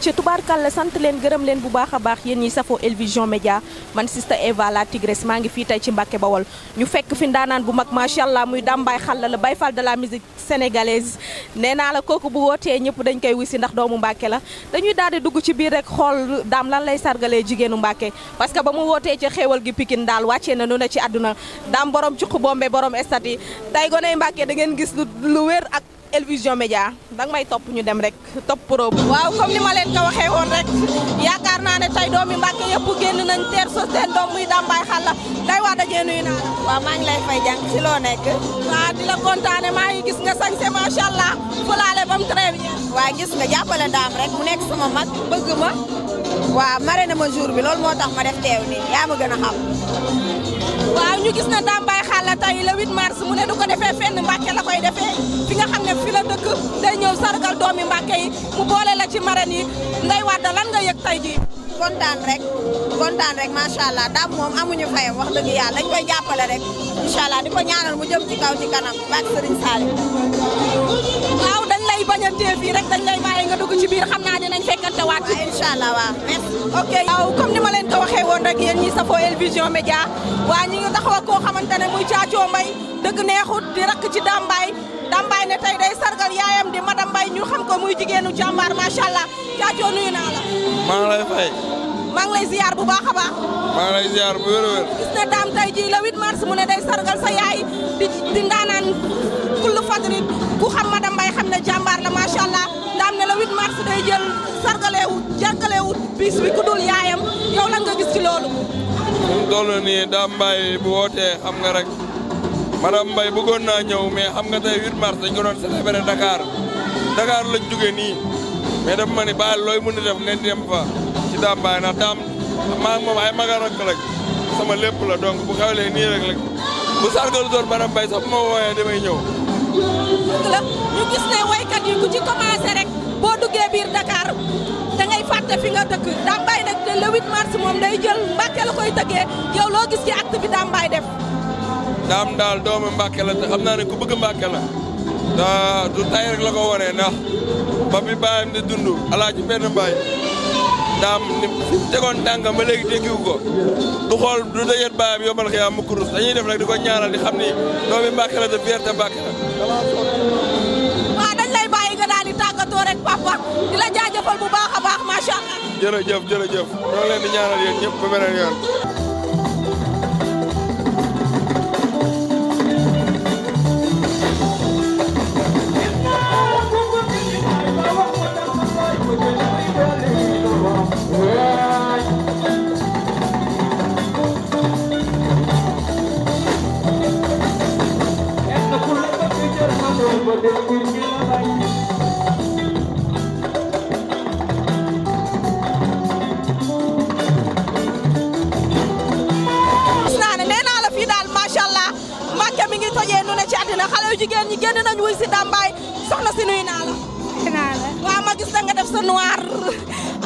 ci tubaarkal la sant leen gërëm leen bu baax a baax yéen ñi safoo El Vision Média man sista Eva la Tigresse maa ngi fii tey ci Mbàkke Bawol ñu fekk fi ndaanaan bu mag macha allah muy dàmbaay xalla la Baye Fall de la musique sénégalaise nee naa la kooku bu wootee ñëpp dañ koy wisi ndax doomu Mbàkke la dañuy daal di dugg ci biir rek xool daam lan lay sargalee jigéenu Mbàkke parce que ba mu wootee ci xéewal gi Pikine daal wàccee na nu ci àdduna daam borom cuq bombe borom stade yi tey goney da ngeen gis lu wér ak Elvision Média danga may topp ñu dem rek topp pro waaw comme ni ma leen ko rek yaakaar naa ne tey doomi Mbàkke yëpp génn nañ teer so doom muy dàmbaay xalla day waa dajee nuyu naa la waaw lay fay jàng si loo nekk waaw di la kontaane maa ngi gis nga sañse macha allah fulaale bam très bien gis nga jàppale daam rek mu nekk sama mag bëgg ma waaw mare na ma bi loolu moo tax ma def teew nii yaa ma gën xam waaw ñu gis na Dame Baye Xalla tey le 8 mars mu ne du ko defee fenn Mbàkke la koy defee fi nga xam ne fi la dëkk day ñëw sargal doomi Mbàkke yi mu boole la ci marraine yi Ndeye Wade lan nga yëg tey jii. kontaan rek kontaan rek macha allah daam moom amuñu fayam wax dëgg yàlla dañ koy jàppale rek incha allah di ko ñaanal mu jëm ci kaw ci kanam baax sëriñ Salim. waaw dañ lay bañ a téye fii rek dañ lay bàyyi nga dugg ci biir xam naa dinañ fekkante waat. waaw ah, incha allah waaw ok waaw comme ni ma leen ko waxee woon rek yéen ñi safoo El Vision Média ñi ngi taxaw ak koo muy Caacoo Mbay dëgg neexut di rakk ci Dame Dame ne tey day sargal yaayam di madame ñu xam ko muy jigéenu jàmbaar macha caacoo nuyu naa la. maa ngi lay fay. maa ngi bu baax baax. maa bu wér wér. gis na daam tey jii le 8 ne day sargal xam madame xam ne jàmbaar la macha allah ne le 8 mars day jël sargalewu jàggalewu bis bi ku dul yaayam yow lan nga gis ci loolu. mu toll nii daam bu wootee xam nga rek. madame Mbaye bëggoon naa ñëw mais xam nga tey 8 mars dañ ko doon célébrer Dakar Dakar lañ jógee nii mais daf ma ni baal looy mën a def ngeen dem fa ci daam baay ndax daam moom ay maga rakk rek sama lépp la donc bu xewlee nii rek rek bu sargal doon madame Mbaye sax ma wooyee damay ñëw. ñu gis ne waykat yi ci commencé rek boo duggee biir Dakar da fàtte fi nga dëkk Dame Mbaye nag le mars moom day jël Mbàkke la koy tëggee yow loo gis ci acte dam dal doomu Mbàkke la xam ne ku bëgg Mbàkke la te du tay rek la ko wone ndax ba bi di dund alaaji benn baay daam ni fi tegoon ba léegi déggiwu ko du xool du dañuy def rek di ñaanal di xam ni doomi Mbàkke la la dañ lay bàyyi nga daal di rek papa di la jaajëfal bu baax a allah jërëjëf jërëjëf ñoo leen di ñaanal yoon jigéen ñi génn nañ wuy si Dàmbaay soxna si nuyu naa la. nuyu naa la da def sa noir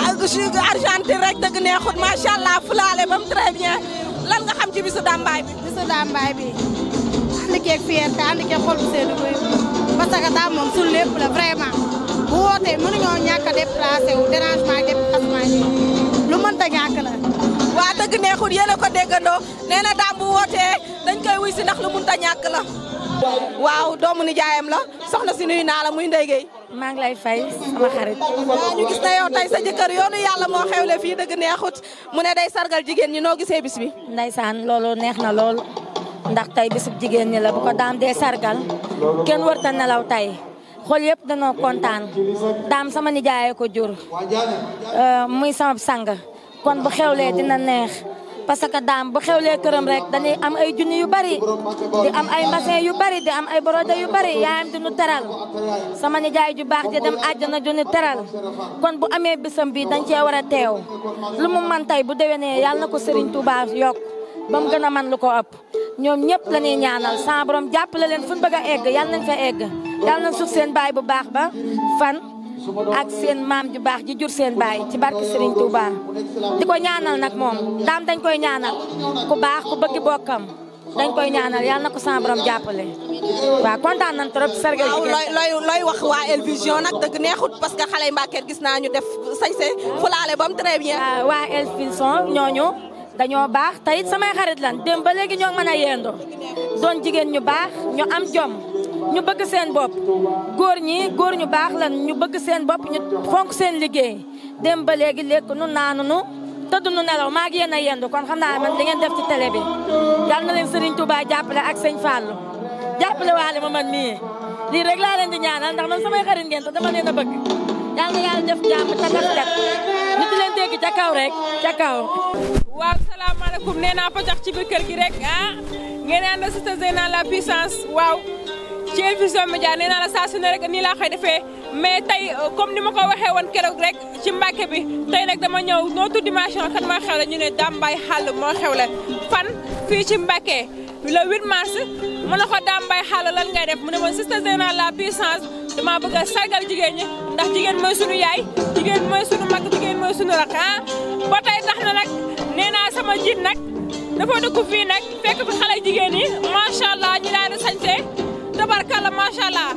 ak argenté rek dëgg neexut macha fulaale ba mu très bien lan nga xam ci bisu Dàmbaay bi. bisu Dàmbaay bi ànd keeg fierté ànd keeg xol bu seen bëy parce que moom suñu lépp la vraiment bu wootee mënuñoo ñàkk a déplacé wu dérangement ak déplacement yi lu mënta ñàkk la. waa dëgg neexut yéen ko déggandoo nee daam bu wootee dañ koy wuy si ndax lu mënta ñàkk la. waaw doomu nijaayam la soxna si nuyu naa la muy Ndeye maa ngi lay fay sama xarit. waaw ñu gis na yow tey sa jëkkër yoonu yàlla moo xewle fii dëgg neexut mu ne day sargal jigéen ñi noo gisee bis bi. ndeysaan loolu neex na lool ndax tey bisub jigéen ñi la bu ko daam dee sargal kenn warta nelaw tey xool yëpp danoo kontaan daam sama nijaay ko jur euh, muy sama sang kon bu xewlee dina neex. parce que daam bu xewlee këram rek dañuy am ay junni yu bari di am ay mbasin yu bari di am ay borode yu bari yaayam di nu teral sama nijaay ju baax di dem àjjana na nu teral kon bu amee bisam bi dañ cee war a teew lu mu mantay tey bu déwénee yàlla na ko Serigne Touba yokk ba mu gën a man lu ko ëpp ñoom ñëpp la ñuy ñaanal sa borom jàppale leen fu ñu egg yàlla nañ fa egg yàlla nañ suuf seen baay bu baax ba fan ak seen maam ju baax ji jur seen baay ci barke Serigne Touba di ko ñaanal nag moom daam dañ koy ñaanal ku baax ku bëgg bokkam dañ koy ñaanal yàlla na ko sama borom jàppale. waaw kontaan nañ trop sargal jigéen waaw looy wax waa El Vision nag dëgg neexut parce que xale Mbàkke gis naa ñu def sañse fulaale bam très bien. waa El ñooñu dañoo baax tayit samay xarit lan dem ba léegi ñoo mën a yendoo doon jigéen ñu baax ñu am jom. ñu bëgg seen bopp góor ñi góor ñu baax la ñu bëgg seen bopp ñu fonk seen liggéey dem ba léegi lekk nu naanu nu tëdd nu nelaw maa ngi yéen a yendu kon xam naa man li ngeen def ci télé bi yal na leen Serigne Touba jàppale ak sëñ Fallou jàppale waale ma man mii lii rek laa leen di ñaanal ndax man samay xarit ngeen te dama leen a bëgg yal na yàlla def jàmm ca kas kat ñu di leen dégg rek ca waaw salaamaaleykum nee naa ci biir kër gi rek ah waaw ci El Vision Médias nee naa la saa ne rek nii laa koy defee mais tey euh, comme ni ma ko waxee keroog rek ci Mbàkke bi tey nag dama ñow notre dimanche kan moo xewle ñu ne Dame Mbaye Xàll moo xewle fan fii ci Mbàkke la 8 mars mu ne ko Dame Mbaye Xàll lan ngay def mu ne ma sister Zeyna la puissance dama bëgg a sargal jigéen ñi ndax jigéen mooy sunu yaay jigéen mooy sunu mag jigéen mooy sunu rakk ah ba tey tax na nag nee sama jiit nag dafa dëkk fii fi tabarkalla macha allah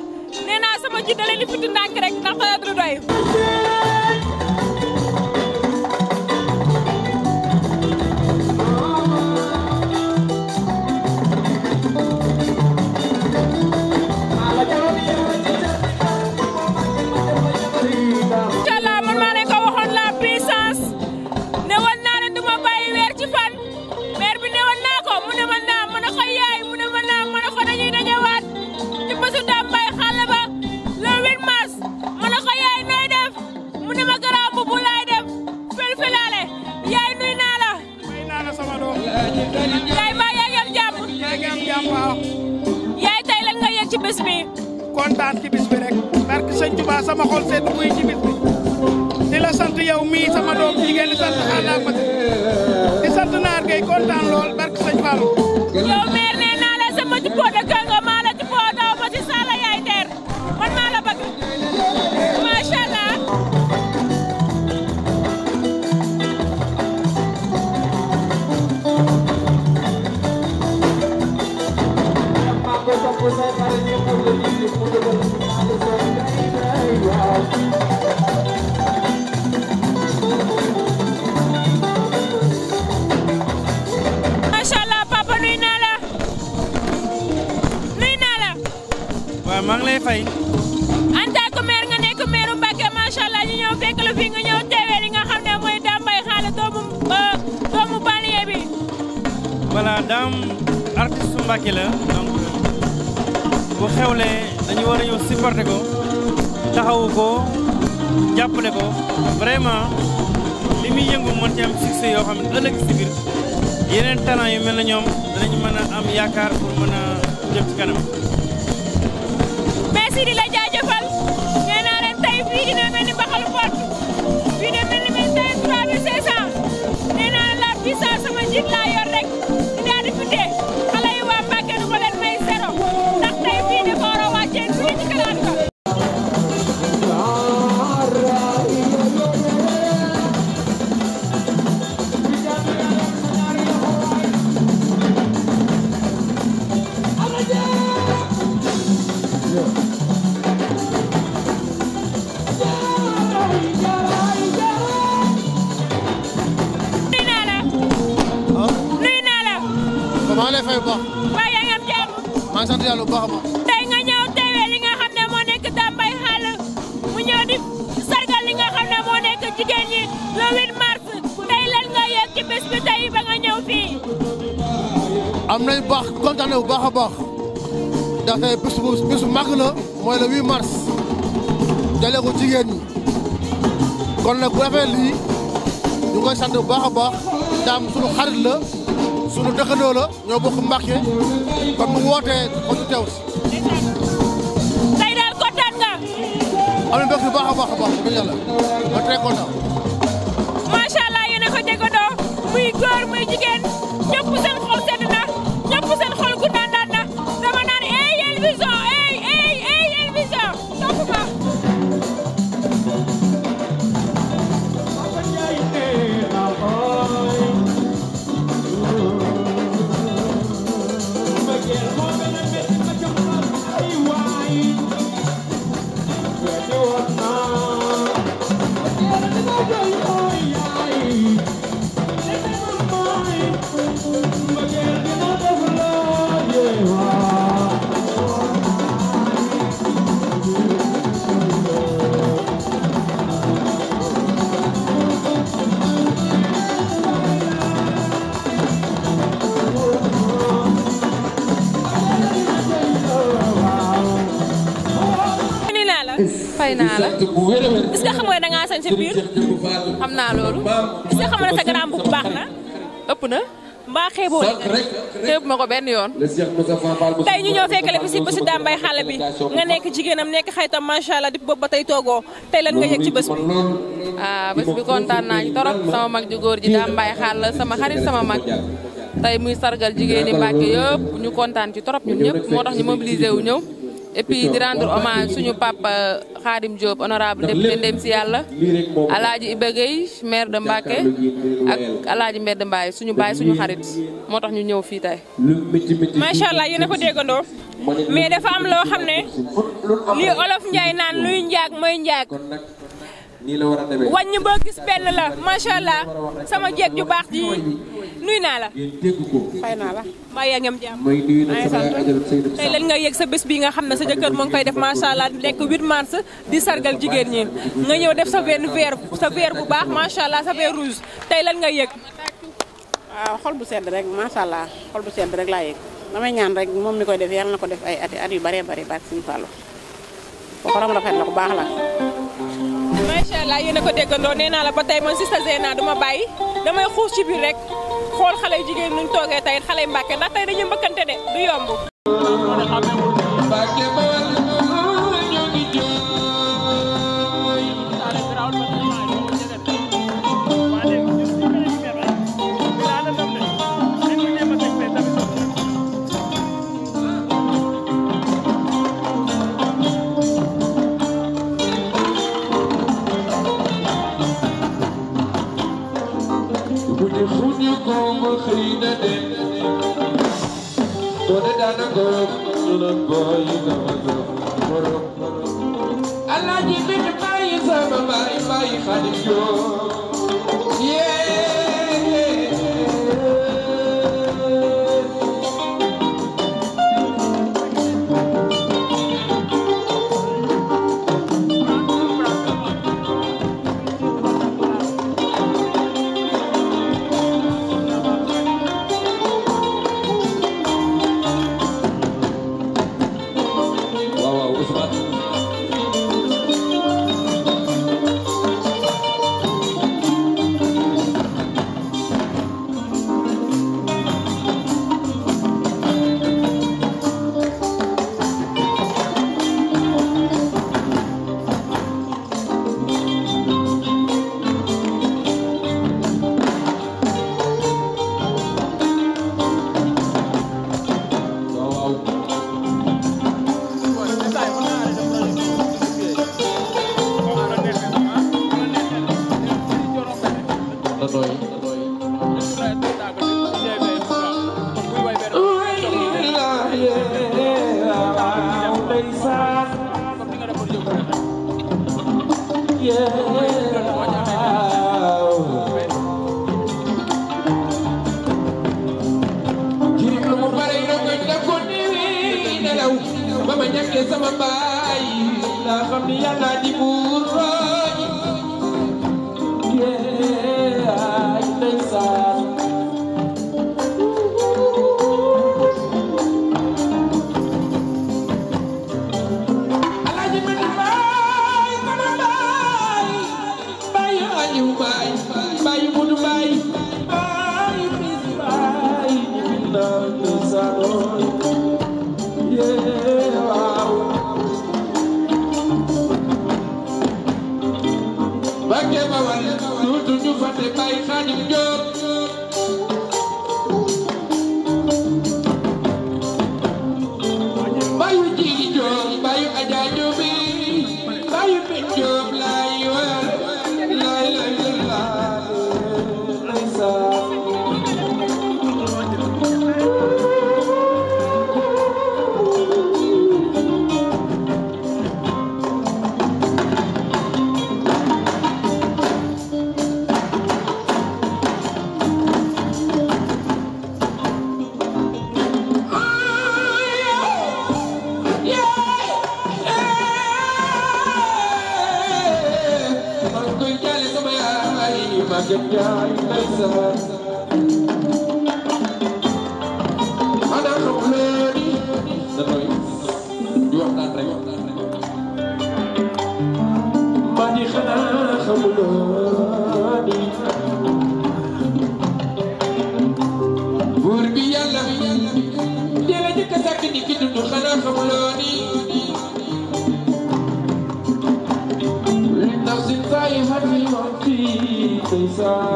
nee naa sama ji da leen di fitu ndànk rek ndax yaay ba yaa ngeen jàmm. yaa ngeen jàmm yaay tey lan nga yëg ci bis bi. kontaan ci bis bi rek. barke sëñ sama xol seen buy ci bis bi. sant yow mii sama doom jigéen sant ànd ak di sant naar gay kontaan lool barke sëñ Fallou. yow meer nee naa la sama jubboo de kàngam. maa ngi lay fay. en tant que maire nga nekk maire Mbacké macha allah ñu ñëw fekk la fi nga ñëw teewee li nga xam ne mooy Dame Mbaye Xalla doomu doomu bi. voilà Dame artiste Mbacké la. bu xewlee dañu war a ñëw supporter ko taxawu ko jàppale ko vraiment li muy yëngu mën ci am succès yoo xam ne ëllëg si biir yeneen talent yu mel na ñoom danañ mën a am yaakaar pour mën a jëm ci ndaxte bis bu bis bu mag la mooy le 8 mars jëlee ko jigéen ñi kon nag bu rafet lii ñu koy sant baax baax daam sunu xarit la sunu dëkkandoo la ñoo bokk Mbàkke kon bu wootee ko ñu teew si. tey daal kontaan nga. am na mbégte baax baax baax dëgg yàlla ma très content. macha allah yéen a muy góor muy jigéen ñëpp seen. na mbaa xeeboo xeeb ma ko benn yoon tey ñu ñëw fekkale fi si bésu Dame Mbaye xale bi nga nekk jigéenam nekk xaytam macha allah di boobu ba tey toogoo tey lan nga yëg ci bés bi ah bés bi kontaan naa ñu torop sama mag ju góor ji Dame Mbaye xaal sama xarit sama mag tey muy sargal jigéeni Mbàkke yëpp ñu kontaan ci torop ñun ñëpp moo tax ñu mobilisé wu ñëw et puis di rendre hommage suñu papa Khadim Diop honorable député ndem si yàlla alaaji Iba Gueye maire de Mbacké ak alaaji maire de suñu baay suñu xarit moo tax ñu ñëw fii tey macha allah yéen a ko mais dafa am loo xam ne li olof Njaay naan luy njaag mooy njaag wàññ boo gis benn la allah sama jeeg ju baax ji nuy naa la. fay naa la. mbaa yaa ngi am lan nga sa bi nga sa ngi koy def macha allah 8 mars di sargal jigéen ñi nga def sa benn verre sa verre bu allah sa verre rouge tey lan nga yëg. waaw xol bu sedd rek macha xol bu sedd rek damay ñaan rek mi koy def yàlla na def ay at yu bëree bëri baax suñu fàllu ko borom rafet la la. macha allah yéen a ko déggandoo nee naa la ba tey man Sista Zeyna duma bàyyi damay xuus ci biir rek xool xale jigéen nuñ toogee tey xale Mbàkke ndax tey dañuy mbëkkante de du yomb. Alaaji bi baay sama baay baay Xaadim Jóob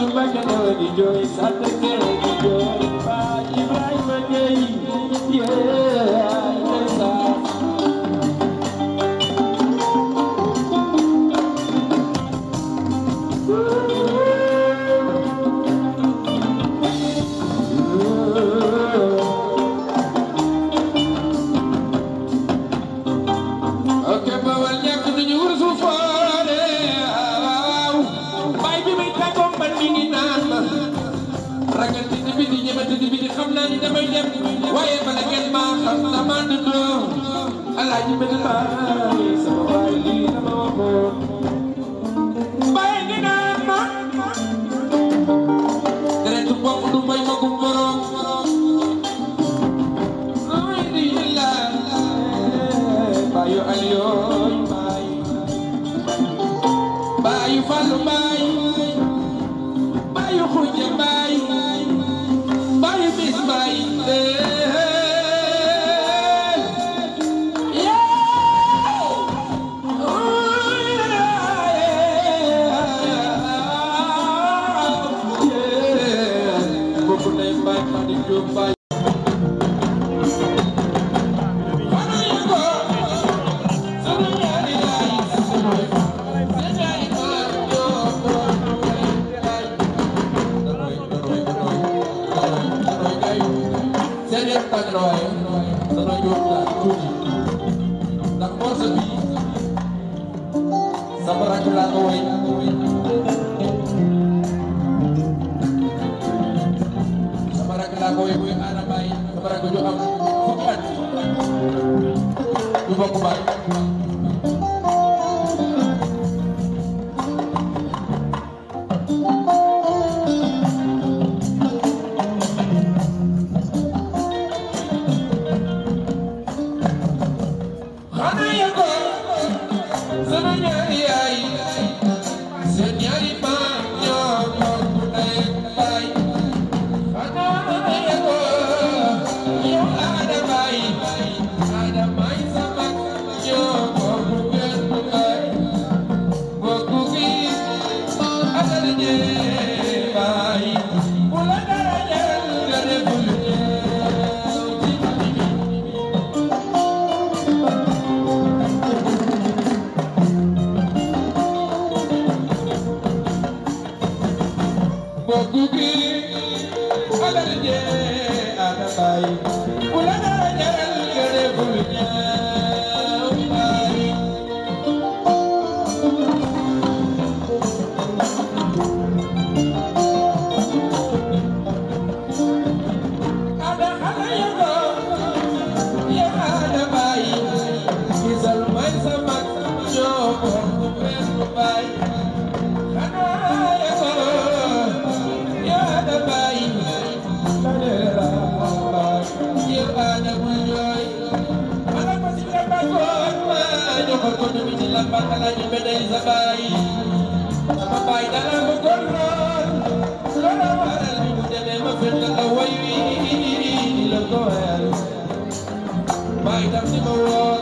Sumba Jabo di jooy Sante Kero di jooy Ba Ibrahima Gueye a class. ma ko tamit ci làmbar alaaji beneen sa baay sama baay dara ma kon lool loolu waral bi mu demee ma fekk la way wi la ko weer baay daf ma woor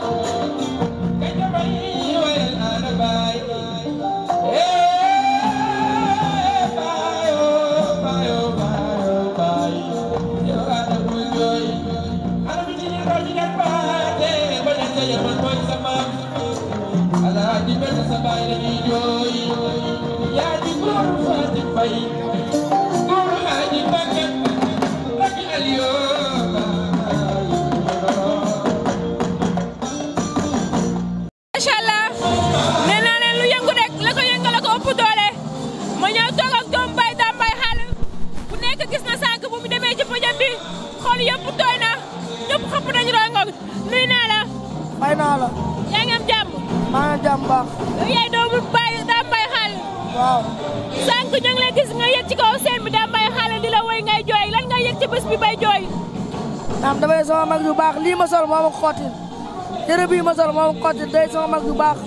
Mau khotin? xottil lebih masalah ma sol moo ma day sama mag bu baax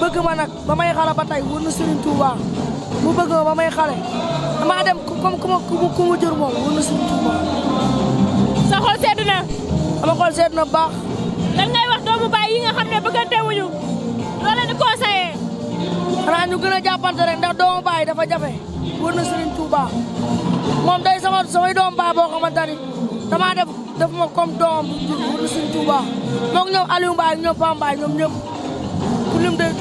bëgg ma nag ba may xale ba tey wër na Serigne Touba mu bëgg ma ba xale damaa dem comme ku Serigne Touba. sa xol sedd sama xol sedd na baax. lan ngay wax doomu baay yi nga xam ne bëggante wuñu loo leen di conseillé. xanaa ñu gën a jàppante rek ndax doomu baay dafa jafe wër Serigne Touba day sama samay doomu baay boo xamante ni damaa def. daf ma comme doom bu suñ Tuuba moom ñoom Aliou Mbaye ñoom Pam Mbaye ñoom ñëpp ku lim day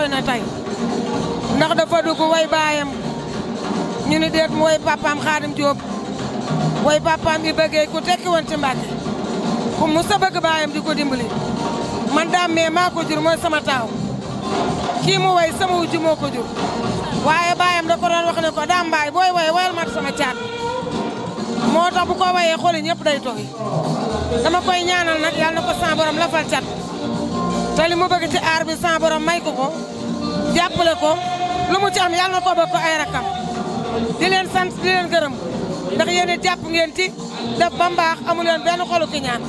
kawe na tey ndax dafa dugg way baayam ñu ni deet mu way papaam Xaadim Jóob way papaam yi bëggee ku tekki woon ci Mbàkke ku mu sa baayam di ko dimbali man daam mee mooy sama taaw kii mu woy sama wujju moo ko jur waaye baayam da ko doon wax ne ko daam mbaay booy way mat sama caat moo tax bu ko wayee xooli ñëpp day tooy dama koy ñaanal nag yàlla na ko sa borom lafal cat te li mu bëgg ci aar bi sans borom may ko ko jàppale ko lu mu ci am na ko bokk ay rakam di leen sant di leen gërëm ndax yéen it jàpp ngeen ci def ba mbaax amu leen benn xolu ki ñaan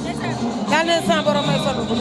yàlla na leen sans borom may sottu bu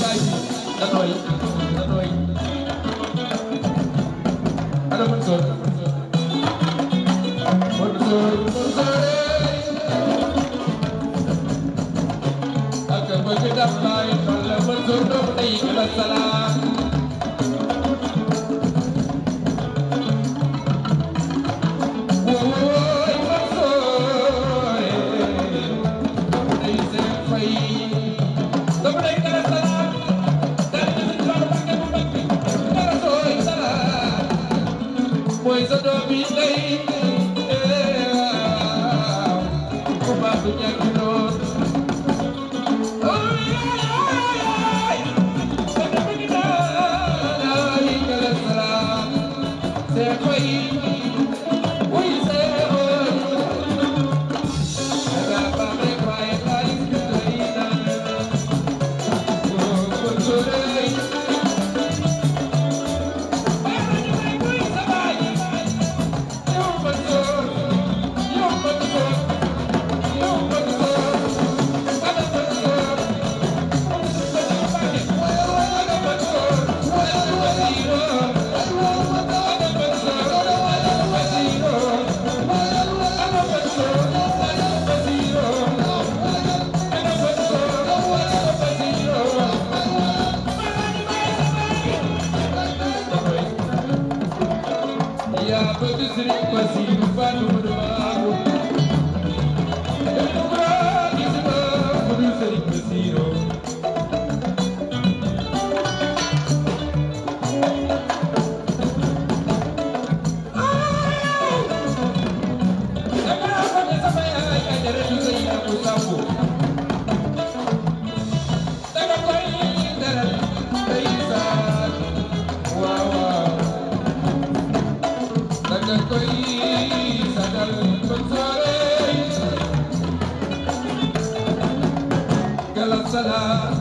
đất huỳnh đất huỳnh đất huỳnh đất huỳnh Salah.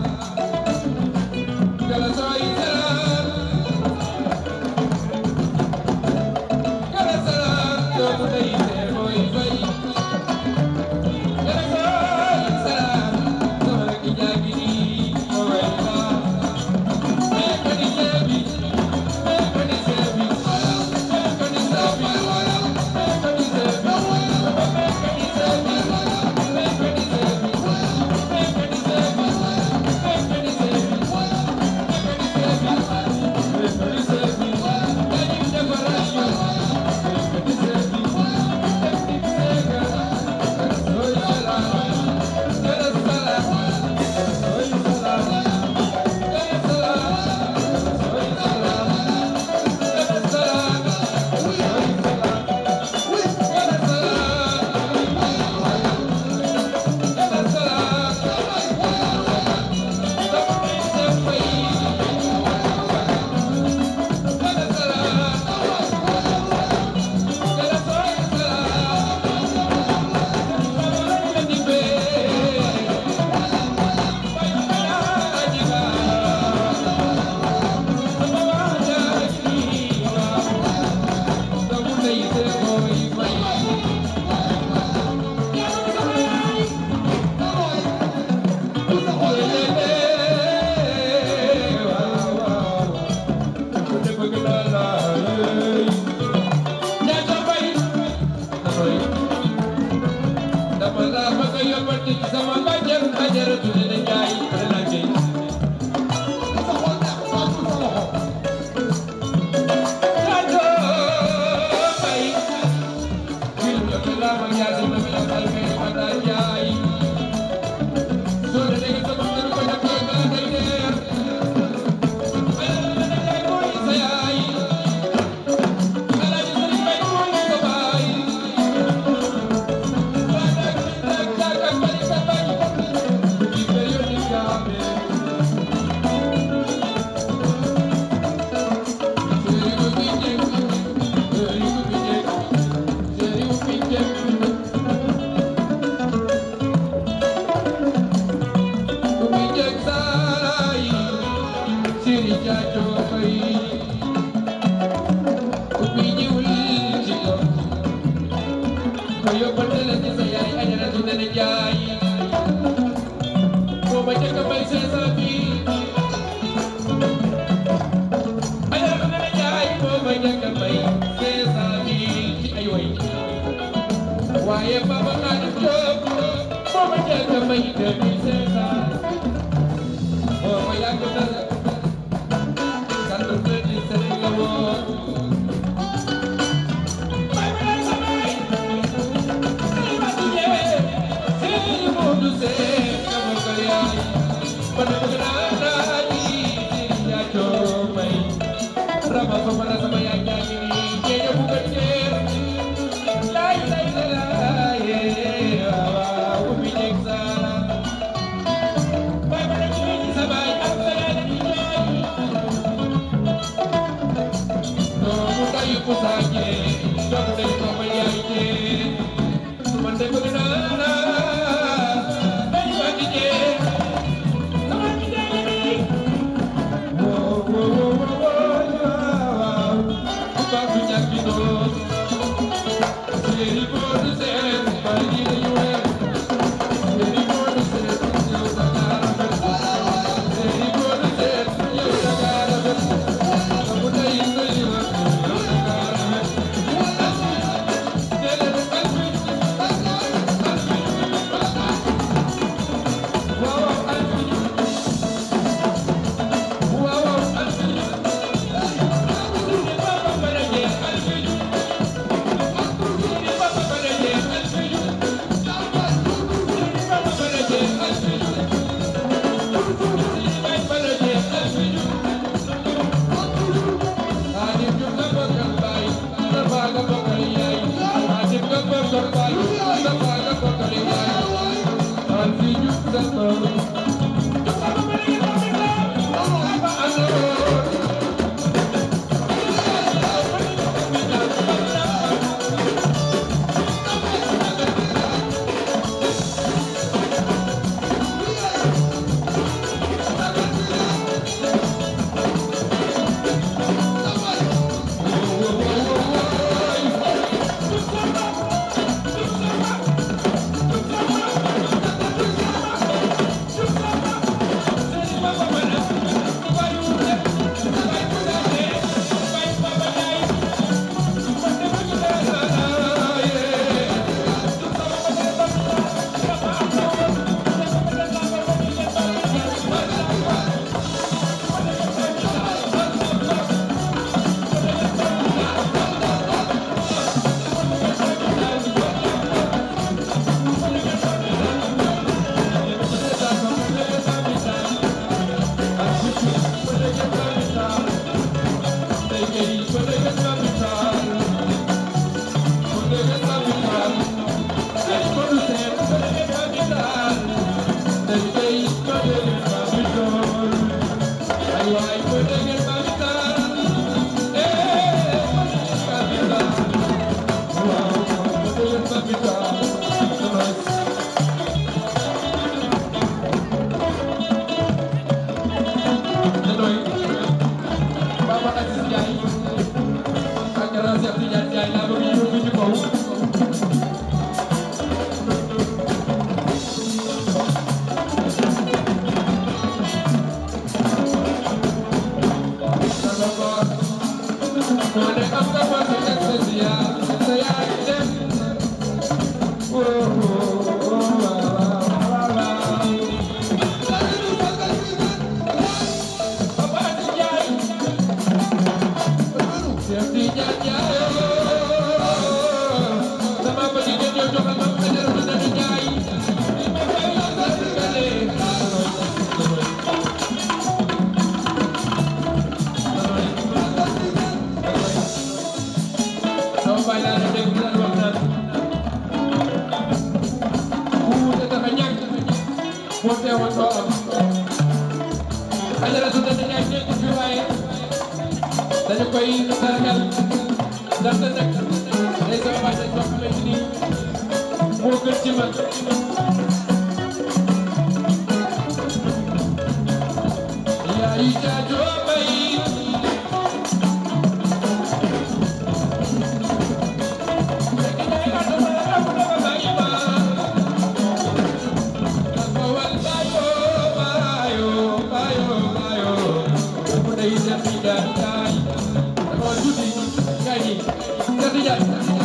Yeah.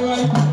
right.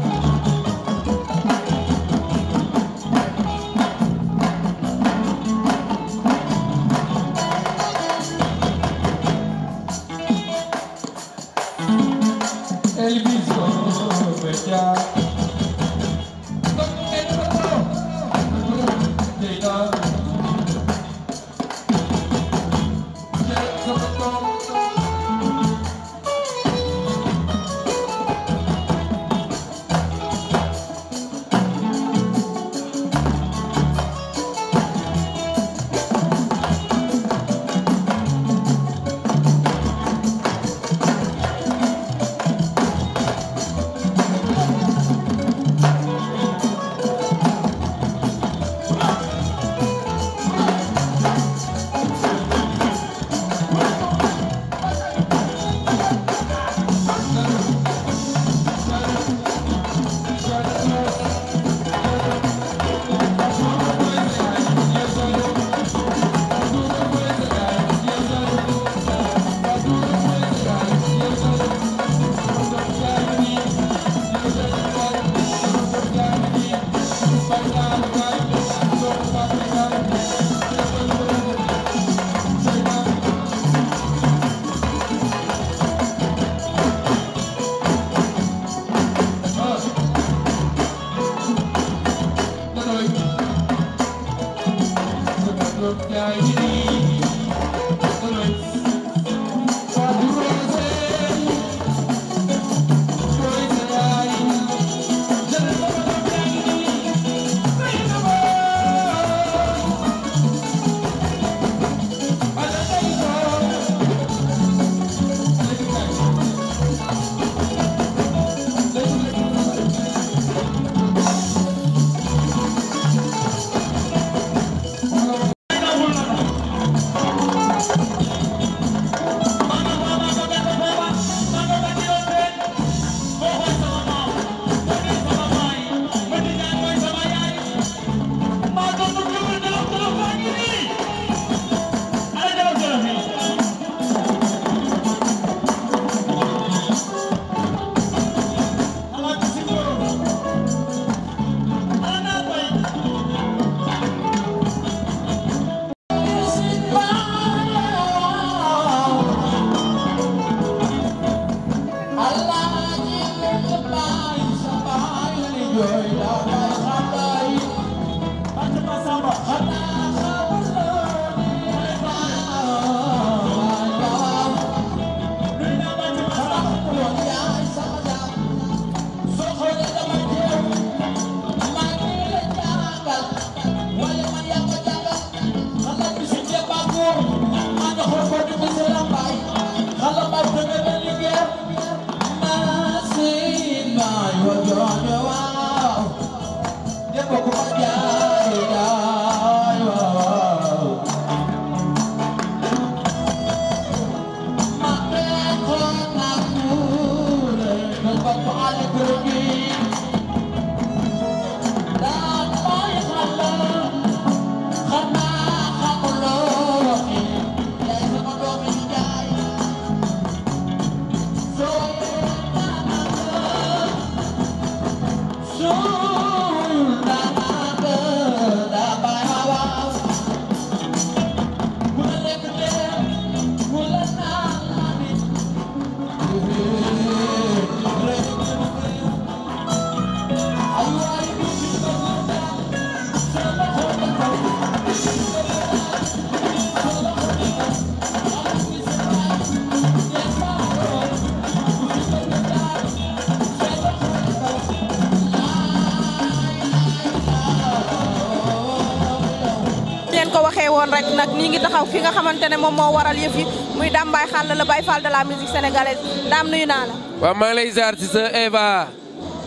taxaw fi nga xamante ne moom moo waral yëf yi muy Dame Baye la Baye Fall de la musique sénégalaise Dame nuyu naa la. waaw maa ngi lay ziar ci sa Eva.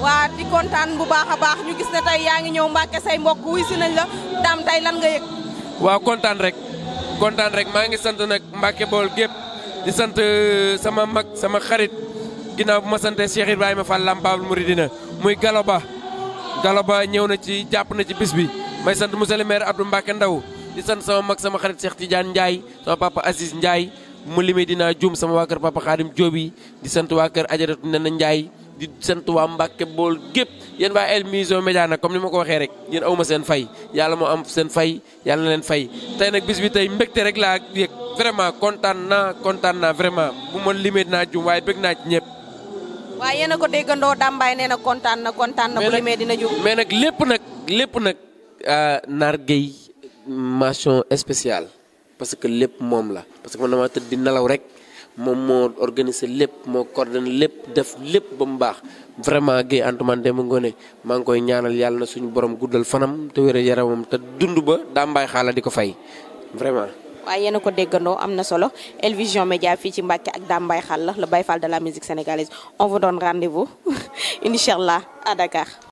waa di kontaan bu baax ñu gis ne tey yaa ngi ñëw Mbàkke say mbokk wuy si nañ la Dame tey lan nga yëg. waaw kontaan rek kontaan rek maa ngi sant nag Mbàkke bool gépp di sant euh, sama mag sama xarit ginnaaw bu ma sante Cheikh Ibrahima Fall Lam Babul Mouridina muy Galoba Galoba ñëw na ci jàpp na ci bis bi may sant monsieur le maire Abdou Ndaw di sant sama mag sama xarit Cheikh Tidiane Ndiaye sama papa Aziz Ndiaye ma limee dinaa juum sama waa kër papa Khadim Diop di sant waa kër Ajaratu Nena Ndiaye di sant waa Mbacke bool gépp yéen waa El Vision Médias nag comme ni ma ko waxee rek yéen awma seen fay yàlla moo am seen fay yàlla na leen fay tey nag bis bi tey mbégte rek laa yëg vraiment kontaan naa kontaan naa vraiment bu ma limee dinaa juum waaye bëgg naa ci ñëpp waaw a ko déggandoo Dàmbaay nee na kontaan na kontaan na bu limee dina jóg mais nag lépp nag lépp nag euh, naar Guèye mention spéciale parce que lepp mom la parce que man damaa tëdd di nalaw rek mom mo organiser lepp mo coordonner lepp def lepp bu vraiment gay Antoumane dem Ngoné mang koy ñaanal yalla suñu borom guddal fanam te wér yaramam te dundu ba daa mbaay xaala fay vraiment. waaye yéen a ko déggandoo am na solo Elvision Média fii ci Mbacke ak Dame Baye la le Baye Fall de la musique sénégalaise on vous donne rendez-vous incha allah à Dakar.